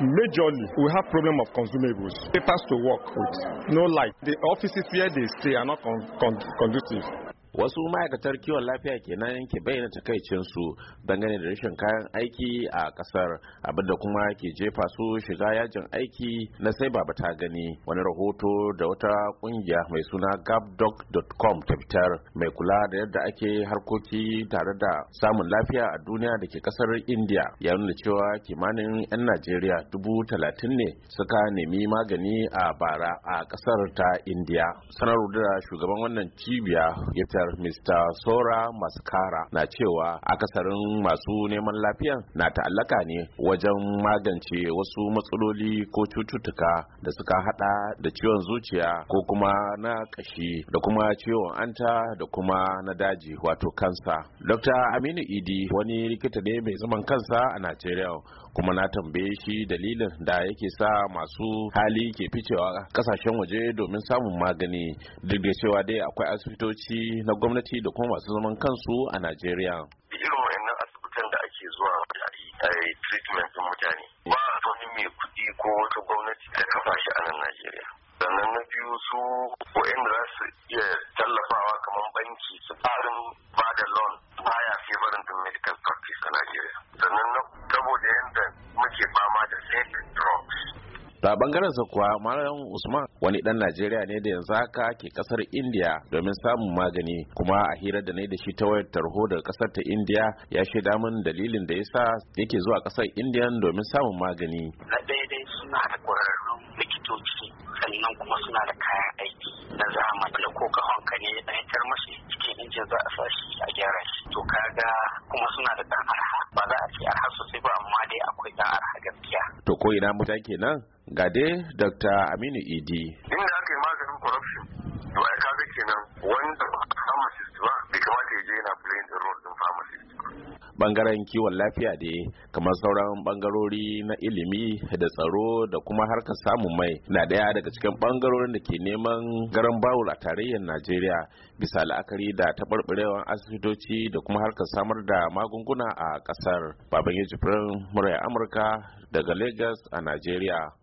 Majorly, we have problem of consumables, papers to work with, no light. The offices where they stay are not con- con- conducive. wasu ma'aikatar kiwon lafiya ke nan yanke bayyana takaicin su dangane da rashin kayan aiki a kasar abinda kuma ke jefa su shiga yajin aiki na sai baba ta gani wani rahoto da wata kungiya mai suna com ta fitar mai kula da yadda ake harkoki tare da samun lafiya a duniya da ke kasar india ya nuna cewa kimanin 'yan najeriya dubu talatin ne suka nemi magani a bara a kasar ta india sanar da shugaban wannan cibiya ya kasar Mr. Sora Maskara na cewa akasarin masu neman lafiya na ta'allaka ne wajen magance wasu matsaloli ko cututtuka da suka hada da ciwon zuciya ko kuma na kashi da kuma ciwon anta da kuma na daji wato kansa. Dr. Aminu Idi wani likita ne mai zaman kansa a Najeriya kuma na tambaye shi dalilin da yake sa masu hali ke ficewa kasashen waje domin samun magani duk da cewa dai akwai asibitoci na gwamnati da kuma masu zaman kansu a Najeriya. Irin wayannan asibitan da ake zuwa a yi treatment mutane ba a wani mai kuɗi ko wata gwamnati da kafa shi a nan Najeriya. Sannan na biyu su wa'in za su iya tallafawa kamar banki su farin ba da loan baya favorin da medical practice a Najeriya. Sannan saboda yadda muke fama da safe drugs ta bangaren sa kuwa malam usman wani dan najeriya ne da yanzu haka ke kasar india domin samun magani kuma a hirar da ne da shi ta wayar tarho daga kasar ta india ya shaida min dalilin da yasa yake zuwa kasar india domin samun magani na daidai suna da kwararrun likitoci sannan kuma suna da kayan to ko ina muta kenan ga dai dr aminu idi inda aka yi maganin corruption to ai kaga kenan wanda playing the role in pharmacist bangaren kiwon lafiya da kamar sauran bangarori na ilimi da tsaro da kuma harkar samun mai na daya daga cikin bangarorin da ke neman garan bawul a tarayyar najeriya bisa la'akari da taɓarɓarewar asibitoci da kuma harkar samar da magunguna a ƙasar baban yajibirin murai amurka daga lagos a najeriya